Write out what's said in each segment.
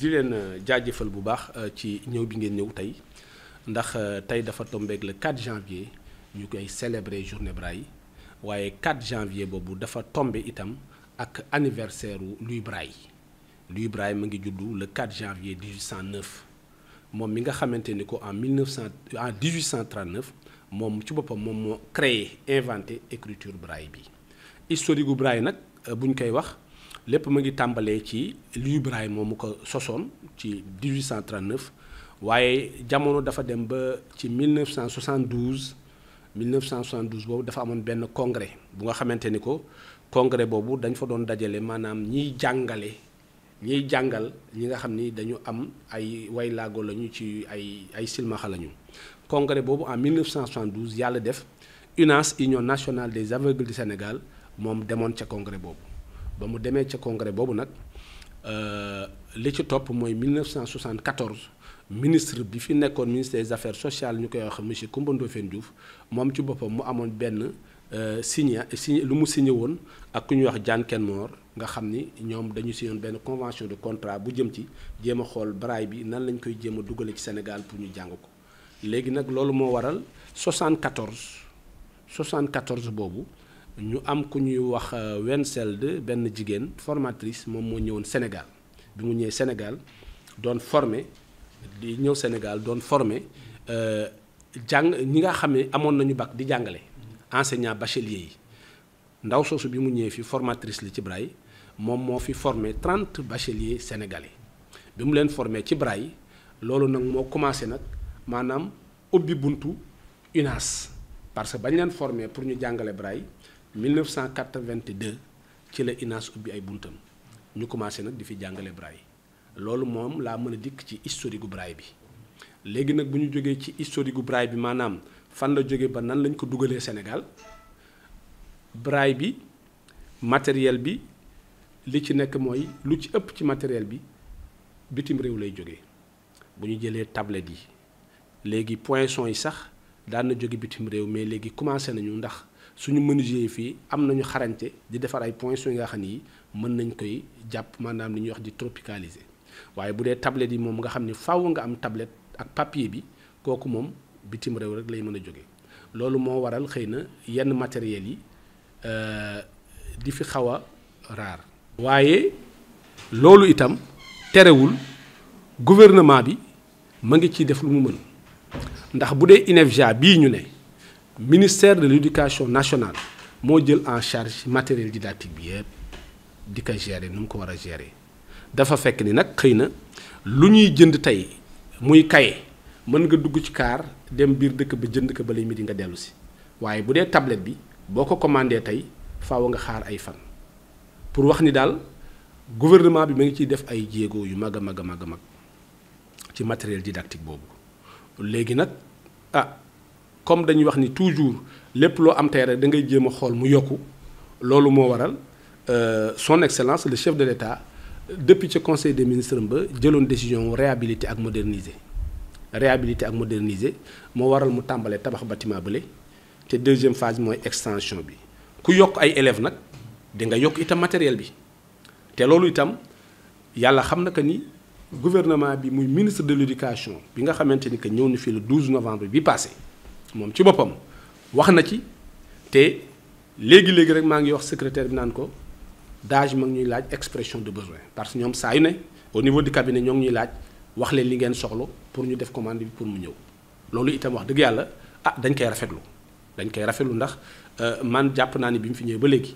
di leen euh, jaajëfal bu baax euh, ci ñëw bi ngeen ñëw tey ndax euh, tey dafa tombeeg le 4 janvier ñu koy célébrer journée Braille waaye 4 janvier boobu dafa tombe itam ak anniversaire u Louis Braille Louis Braille mu ngi juddu le 4 janvier 1809 moom mi nga xamante ni ko en 1900 en 1839 moom ci boppam moom moo créé inventé écriture Braille bi historique gu Braille nag buñ koy wax. lépp ma ngi tàmbalee ci li moom mu ko sosoon ci 1839 waaye jamono dafa dem ba ci 1972 1972 boobu dafa amoon benn congrès bu nga xamante ni ko congrès boobu dañ fa doon dajale maanaam ñiy jàngale ñiy jàngal ñi nga xam ni dañu am ay way laago lañu ci ay ay silmaxa lañu congrès boobu en 1972 yàlla def UNAS Union nationale des aveugles du Sénégal moom demoon ca congrès boobu. ba mu demee ca congrès boobu nag euh, li ci topp mooy 1974 ministre bi fi nekkoon ministre des affaires sociales ñu koy wax monsieur Coumba Ndoffène Diouf moom ci boppam mu amoon benn euh, signé signé lu mu signé woon ak ku ñuy wax Jaan Kenmoor nga xam ni ñoom dañu signé woon benn convention de contrat bu jëm ci jéem a xool baraay bi nan lañ koy jéem a dugale ci Sénégal pour ñu jàng ko léegi nag loolu moo waral 74 74 boobu. ñu am ku ñuy wax euh, Wenselde benn jigéen formatrice moom moo ñëwoon Sénégal bi mu ñëwee Sénégal doon formé di ñëw Sénégal doon formé euh, jàng ñi nga xam ne amoon nañu bac di jàngale enseignant bachelier yi ndaw soosu bi mu ñëwee fi formatrice li ci Braille moom moo fi formé 30 bachelier sénégalais bi mu leen formé ci Braille loolu nag moo commencé nag maanaam ubbi buntu UNAS parce que bañ leen formé pour ñu jàngale Braille 1982 ci la INAS ubbi ay buntam ñu commencé nag di fi jàngale braille loolu moom laa mën a dikk ci historique gu braille bi léegi nag bu ñu jógee ci istori gu braille bi maanaam fan la jóge ba nan lañ ko dugalee senegal braille bi matériel bi li ci nekk mooy lu ci ëpp ci matériel bi bitim réew lay jóge bu ñu jëlee tablette yi léegi poinçon yi sax daan na jóge bitim réew mais léegi commencé nañu ndax. suñu menuisier fii am nañu xarañte di defar ay points yu nga xam ni mën nañ koy jàpp maanaam li ñuy wax di tropicaliser waaye bu dee tablette yi moom nga xam ni faaw nga am tablette ak papier bi kooku moom bitim réew rek lay mën a jóge loolu moo waral xëy na yenn matériels yi euh, di fi xaw a raar. waaye loolu itam terewul gouvernement bi mu ngi ciy def lu mu mën ndax bu dee INEFJA bii ñu ne. ministère de l'éducation nationale moo jël en charge matériel didactique bi yëpp di ko gérer nu mu ko war a gérer dafa fekk ni nag xëy na lu ñuy jënd tey muy kaye mën nga dugg ci kaar dem biir dëkk ba jënd ko ba lay midi nga dellu si waaye bu dee tablette bi boo ko commandé tey faaw nga xaar ay fan pour wax ni daal gouvernement bi ma ngi ciy def ay jéego yu mag a mag a mag a mag ci matériel didactique boobu léegi nag ah, comme dañuy wax ni toujours lépp loo am tey rek da ngay jéem a xool mu yokku loolu moo waral euh, son excellence le chef de l'État depuis ca conseil des ministres ba jëloon décision réhabilité ak moderniser réhabilité ak moderniser moo waral mu tàmbalee tabax bâtiment bële te deuxième phase mooy extension bi ku yokk ay élèves nag di nga yokk itam matériel bi te loolu itam yàlla xam na que ni gouvernement bi muy ministre de l'éducation bi nga xamante ni que ñëw na fii le 12 novembre bi passé moom ci boppam wax na ci te léegi léegi rek maa ngi wax secrétaire bi naan ko daaj ma ngi ñuy laaj expression de besoin parce que ñoom saa yu ne au niveau du cabinet ñoo ngi ñuy laaj wax leen li ngeen soxla pour ñu def commande bi pour mu ñëw loolu itam wax dëgg yàlla ah dañ koy rafetlu dañ koy rafetlu ndax euh, man jàpp naa ni bi mu fi ñëwee ba léegi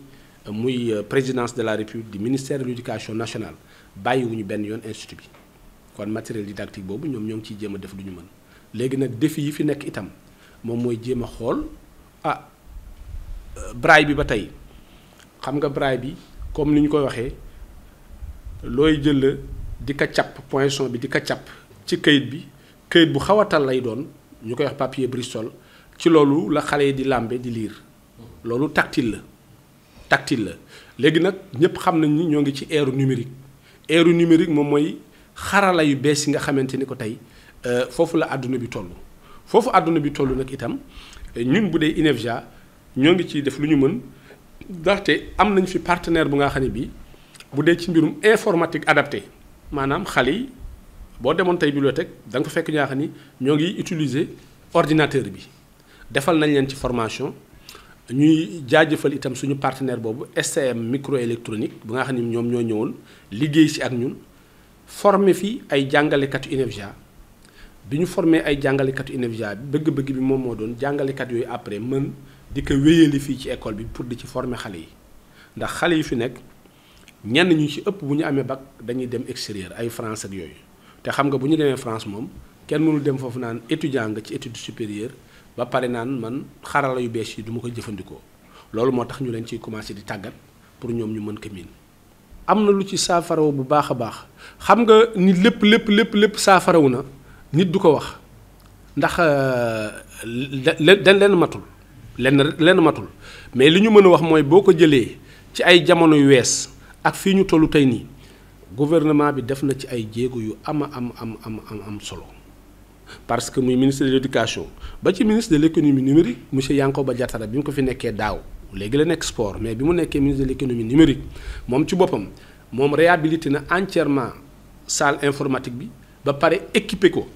euh, muy euh, présidence de la république du ministère de l' éducation nationale bàyyiwuñu benn yoon institut bi kon matériel didactique boobu ñoom ñoo ngi ciy jéem a def du ñu mën léegi nag défi yi fi nekk itam. moom mooy jéem a xool ah braille bi ba tey xam nga braille bi comme ni ñu koy waxee looy jël la di ko capp poinçon bi di ko càpp ci kayit bi kayit bu xaw a tal lay doon ñu koy wax papier bristol ci loolu la xale yi di làmbe di liir loolu taktil la taktil la léegi nag ñëpp xam nañ ni ñoo ngi ci ère numérique ère numérique moom mooy xarala yu bees yi nga xamante ni ko tey euh, foofu la àdduna bi toll. foofu àdduna bi toll nag itam ñun bu dee INEFJA ñoo ngi ciy def lu ñu mën ndaxte am nañ fi partenaire bu nga xam ne bii bu dee ci mbirum informatique adapté maanaam xale yi boo demoon tey bibliothèque da nga fa fekk ñaa xam ni ñoo ngi utiliser ordinateur bi defal nañ leen ci formation ñuy jaajëfal itam suñu partenaire boobu STM microélectronique bu nga xam ne ñoom ñoo ñëwoon liggéey si ak ñun former fi ay jàngalekatu INEFJA bi ñu formé ay jàngalekatu INEFJA bi bëgg-bëgg bi moom moo doon jàngalekat yooyu après mën di ko wéyali fii ci école bi pour di ci former xale yi ndax xale yi fi nekk ñenn ñu ci ëpp bu ñu amee bag dañuy dem extérieur ay France ak yooyu te xam nga bu ñu demee France moom kenn mënul dem foofu naan étudiant nga ci étude supérieure ba pare naan man xarala yu bees yi duma ko jëfandikoo loolu moo tax ñu leen ciy commencé di tàggat pour ñoom ñu mën ko miin. am na lu ci saafaraw bu baax a baax xam nga ni lépp lépp lépp lépp saafaraw na. nit du ko wax ndax euh, dañ lenn matul lenn lenn matul mais li ñu mën a wax mooy boo ko jëlee ci ay jamono yu wees ak fii ñu tollu tey nii gouvernement bi def na ci ay jéego yu ama am am am am am solo parce que muy ministre de l'éducation ba ci ministre de l'économie numérique monsieur ba Diattara bi mu ko fi nekkee daaw léegi la nekk sport mais bi mu nekkee ministre de l'économie numérique moom ci boppam moom réhabilité na entièrement salle informatique bi ba pare équipé ko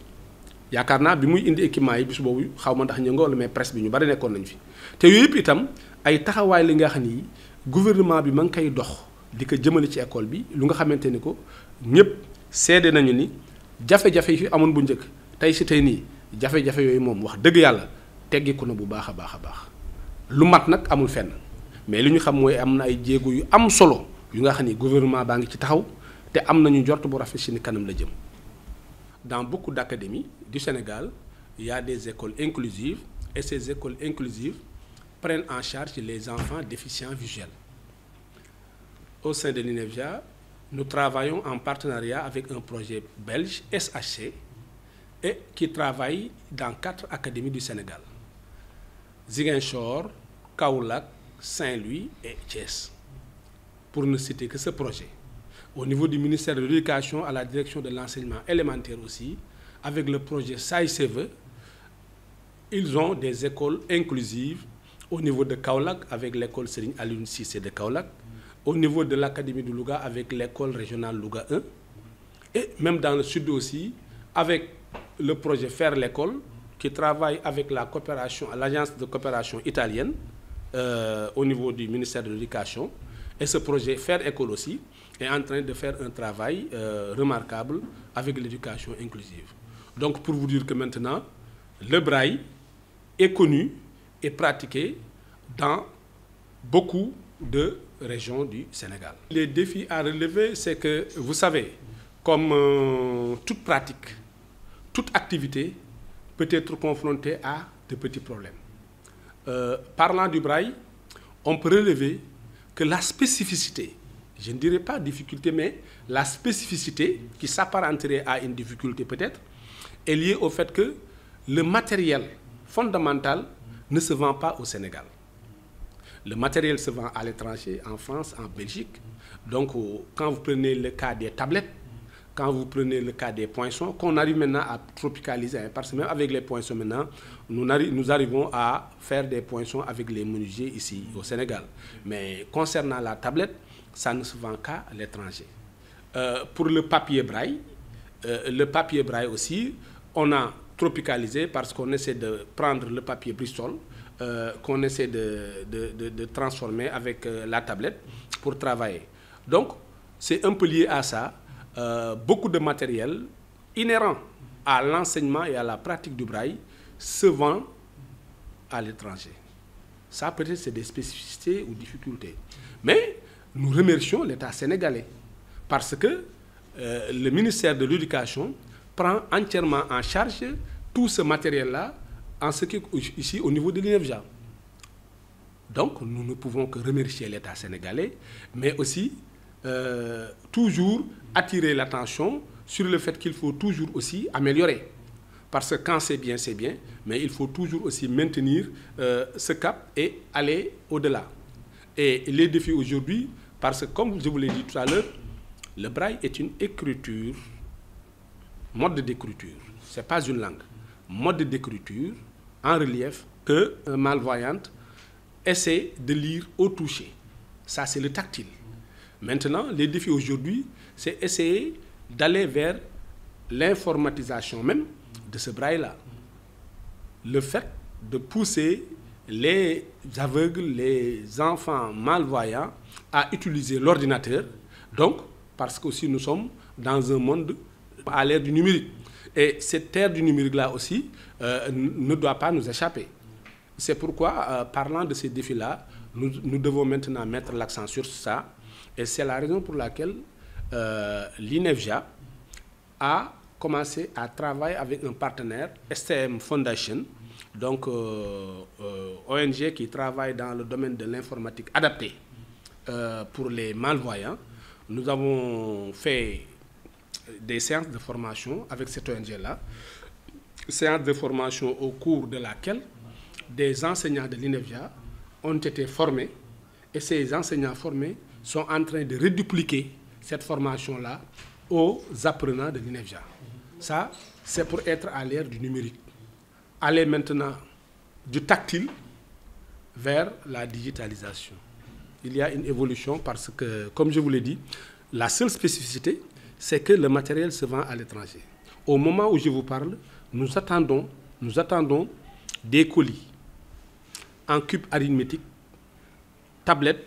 yaakaar naa bi muy indi équipement yi bis boobu xaw ma ndax ñëngoon la mais presse bi ñu bari nekkoon nañ fi te yooyu yëpp itam ay taxawaay li nga xam ni gouvernement bi ma ngi koy dox di ko jëmale ci école bi lu nga xamante ni ko ñëpp seede nañu ni jafe-jafe amoon bu njëkk tey si tey nii jafe-jafe yooyu moom wax dëgg yàlla teggiku na bu baax a baax a baax lu mat nag amul fenn mais li ñu xam mooy am na ay jéego yu am solo yu nga xam ni gouvernement baa ngi ci taxaw te am nañu jort bu rafet si ni kanam la jëm dans beaucoup d'académies du Sénégal il y a des écoles inclusives et ces écoles inclusives prennent en charge les enfants déficients visuels. Au sein de l'INEFJA, nous travaillons en partenariat avec un projet belge, SHC, et qui travaille dans quatre académies du Sénégal. Ziguinchor, Kaolack, Saint-Louis et Thiès, pour ne citer que ce projet. au niveau du ministère de l'éducation à la direction de l'enseignement élémentaire aussi avec le projet SAICV e, ils ont des écoles inclusives au niveau de Kaolack avec l'école Serigne Alioune Cissé de Kaolack au niveau de l'académie de Louga avec l'école régionale Louga 1 et même dans le sud aussi avec le projet Faire l'école qui travaille avec la coopération l'agence de coopération italienne euh, au niveau du ministère de l'éducation Et ce projet Faire École aussi est en train de faire un travail euh, remarquable avec l'éducation inclusive. Donc pour vous dire que maintenant, le braille est connu et pratiqué dans beaucoup de régions du Sénégal. Les défis à relever, c'est que, vous savez, comme euh, toute pratique, toute activité peut être confrontée à de petits problèmes. Euh, parlant du braille, on peut relever que la spécificité, je ne dirais pas difficulté, mais la spécificité qui s'apparenterait à une difficulté peut-être, est liée au fait que le matériel fondamental ne se vend pas au Sénégal. Le matériel se vend à l'étranger, en France, en Belgique. Donc, quand vous prenez le cas des tablettes, Quand vous prenez le cas des poinçons, qu'on arrive maintenant à tropicaliser, hein, parce que même avec les poinçons maintenant, nous, arri nous arrivons à faire des poinçons avec les menuisiers ici au Sénégal. Mais concernant la tablette, ça ne se vend qu'à l'étranger. Euh, pour le papier braille, euh, le papier braille aussi, on a tropicalisé parce qu'on essaie de prendre le papier Bristol, euh, qu'on essaie de, de, de, de, transformer avec euh, la tablette pour travailler. Donc, c'est un peu lié à ça. euh, beaucoup de matériel inhérent à l'enseignement et à la pratique du braille se vend à l'étranger. Ça peut-être c'est des spécificités ou difficultés. Mais nous remercions l'État sénégalais parce que euh, le ministère de l'Éducation prend entièrement en charge tout ce matériel-là en ce qui ici au niveau de l'INEFJA. Donc nous ne pouvons que remercier l'État sénégalais, mais aussi euh, toujours attirer l'attention sur le fait qu'il faut toujours aussi améliorer parce que quand c'est bien c'est bien mais il faut toujours aussi maintenir euh, ce cap et aller au-delà et les défis aujourd'hui parce que comme je vous l'ai dit tout à l'heure le braille est une écriture mode d'écriture c'est pas une langue mode d'écriture en relief que un malvoyante essaie de lire au toucher ça c'est le tactile Maintenant, les défis aujourd'hui, c'est essayer d'aller vers l'informatisation même de ce braille la Le fait de pousser les aveugles, les enfants malvoyants à utiliser l'ordinateur, donc parce que aussi nous sommes dans un monde à l'ère du numérique. Et cette ère du numérique-là aussi euh, ne doit pas nous échapper. C'est pourquoi, euh, parlant de ces défis-là, nous, nous devons maintenant mettre l'accent sur ça, Et c'est la raison pour laquelle euh, l'INEFJA a commencé à travailler avec un partenaire, STM Foundation, donc euh, euh, ONG qui travaille dans le domaine de l'informatique adaptée euh, pour les malvoyants. Nous avons fait des séances de formation avec cette ONG-là, séances de formation au cours de laquelle des enseignants de l'INEFJA ont été formés et ces enseignants formés sont en train de redupliquer cette formation-là aux apprenants de l'INEFJA. Ça, c'est pour être à l'ère du numérique. Aller maintenant du tactile vers la digitalisation. Il y a une évolution parce que, comme je vous l'ai dit, la seule spécificité, c'est que le matériel se vend à l'étranger. Au moment où je vous parle, nous attendons, nous attendons des colis en cube arithmétique tablette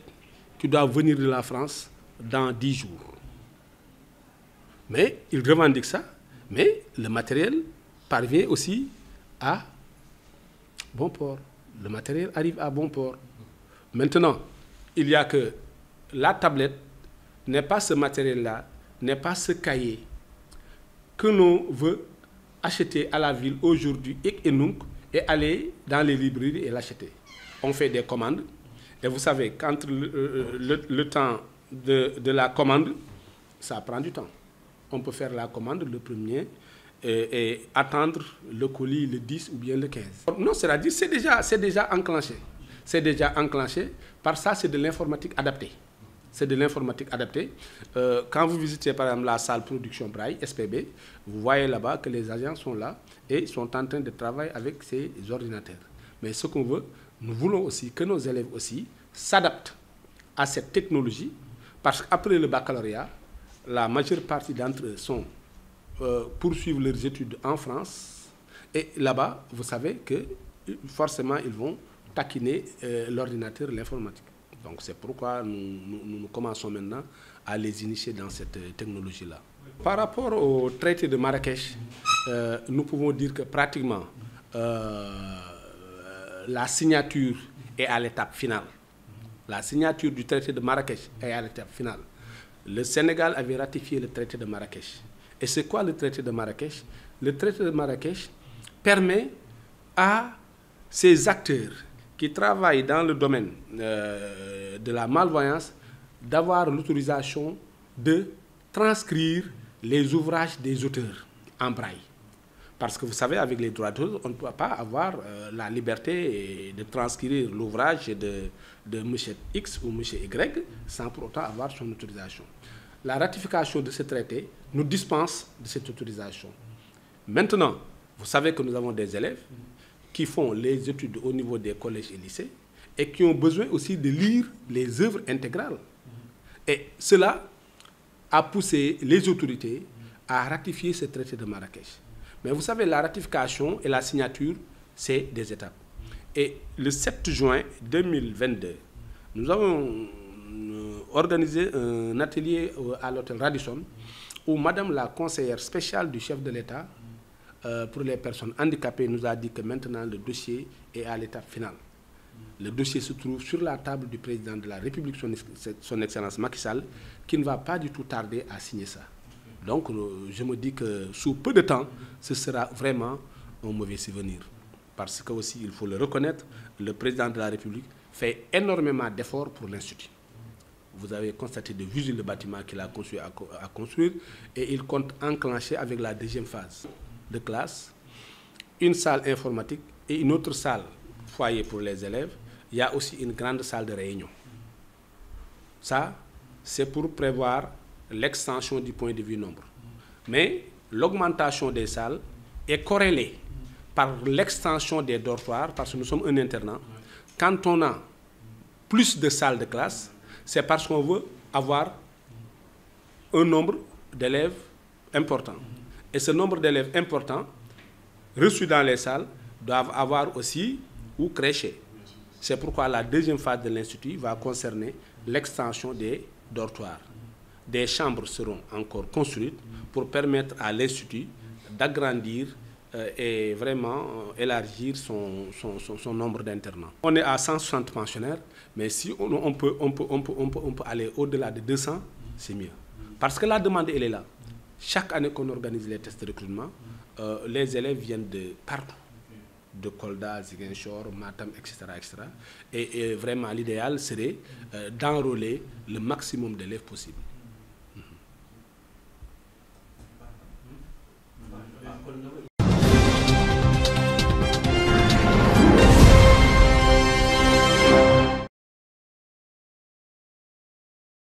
qui doit venir de la France dans dix jours mais il revendique ça mais le matériel parvient aussi à bon port le matériel arrive à bon port maintenant il y a que la tablette n'est pas ce matériel-là n'est pas ce cahier que l'on veut acheter à la ville aujourd'hui hic et nunc et aller dans les librairies et l'acheter on fait des commandes Et vous savez qu'entre le, euh, euh, le, temps de, la commande, ça prend du temps. On peut faire la commande le premier et, et attendre le colis le ou bien le 15. Non, c'est-à-dire c'est déjà, c'est déjà enclenché. C'est déjà enclenché. Par ça, c'est de l'informatique adaptée. C'est de l'informatique adaptée. Euh, quand vous visitez par exemple la salle production Braille, SPB, vous voyez là-bas que les agents sont là et sont en train de travailler avec ces ordinateurs. Mais ce qu'on veut, nous voulons aussi que nos élèves aussi s'adaptent à cette technologie parce que après le baccalauréat, la majeure partie d'entre eux sont euh, poursuivent leurs études en France et là-bas, vous savez que euh, forcément ils vont taquiner euh, l'ordinateur, l'informatique. Donc c'est pourquoi nous, nous, nous commençons maintenant à les initier dans cette euh, technologie-là. Par rapport au traité de Marrakech, euh, nous pouvons dire que pratiquement euh, Euh, la signature et à l'étape finale. La signature du traité de Marrakech est à l'étape finale. Le Sénégal avait ratifié le traité de Marrakech. Et c'est quoi le traité de Marrakech? Le traité de Marrakech permet à ces acteurs qui travaillent dans le domaine euh, de la malvoyance d'avoir l'autorisation de transcrire les ouvrages des auteurs en braille. Parce que vous savez, avec les droits d'auteur, on ne peut pas avoir euh, la liberté euh, de transcrire l'ouvrage de, de M. X ou M. Y sans pour autant avoir son autorisation. La ratification de ce traité nous dispense de cette autorisation. Maintenant, vous savez que nous avons des élèves qui font les études au niveau des collèges et lycées et qui ont besoin aussi de lire les œuvres intégrales. Et cela a poussé les autorités à ratifier ce traité de Marrakech. Mais vous savez, la ratification et la signature, c'est des étapes. Et le 7 juin 2022, nous avons euh, organisé un atelier euh, à l'hôtel Radisson où Madame la conseillère spéciale du chef de l'État euh, pour les personnes handicapées nous a dit que maintenant le dossier est à l'étape finale. Le dossier se trouve table du président de la République, son, son Excellence Macky Sall, qui ne va à signer ça. donc euh, je me dis que sous peu de temps ce sera vraiment un mauvais souvenir parce que aussi il faut le reconnaître le président de la République fait énormément d'efforts pour l'institut vous avez constaté de visu le bâtiment qu'il a construit à, à construire et il compte enclencher avec la deuxième phase de classe une salle informatique et une autre salle foyer pour les élèves il y a aussi une grande salle de réunion ça c'est pour prévoir l'extension du point de vue nombre. Mais l'augmentation des salles est corrélée par l'extension des dortoirs, parce que nous sommes un internant Quand on a plus de salles de classe, c'est parce qu'on veut avoir un nombre d'élèves important. Et ce nombre d'élèves important reçus dans les salles doivent avoir aussi ou crècher. C'est pourquoi la deuxième phase de l'Institut va concerner l'extension des dortoirs. des chambres seront encore construites pour permettre à l'Institut d'agrandir euh, et vraiment euh, élargir son, son, son, son nombre d'internats. On est à 160 pensionnaires, mais si on, on, peut, on, peut, on, peut, on, peut, on aller au-delà de 200, c'est mieux. Parce que la demande, elle est Chaque année qu'on organise les tests de recrutement, euh, les élèves viennent de partout de Kolda, Ziguinchor, Matam, etc. etc. Et, et vraiment, l'idéal serait euh, d'enrôler le maximum d'élèves possible.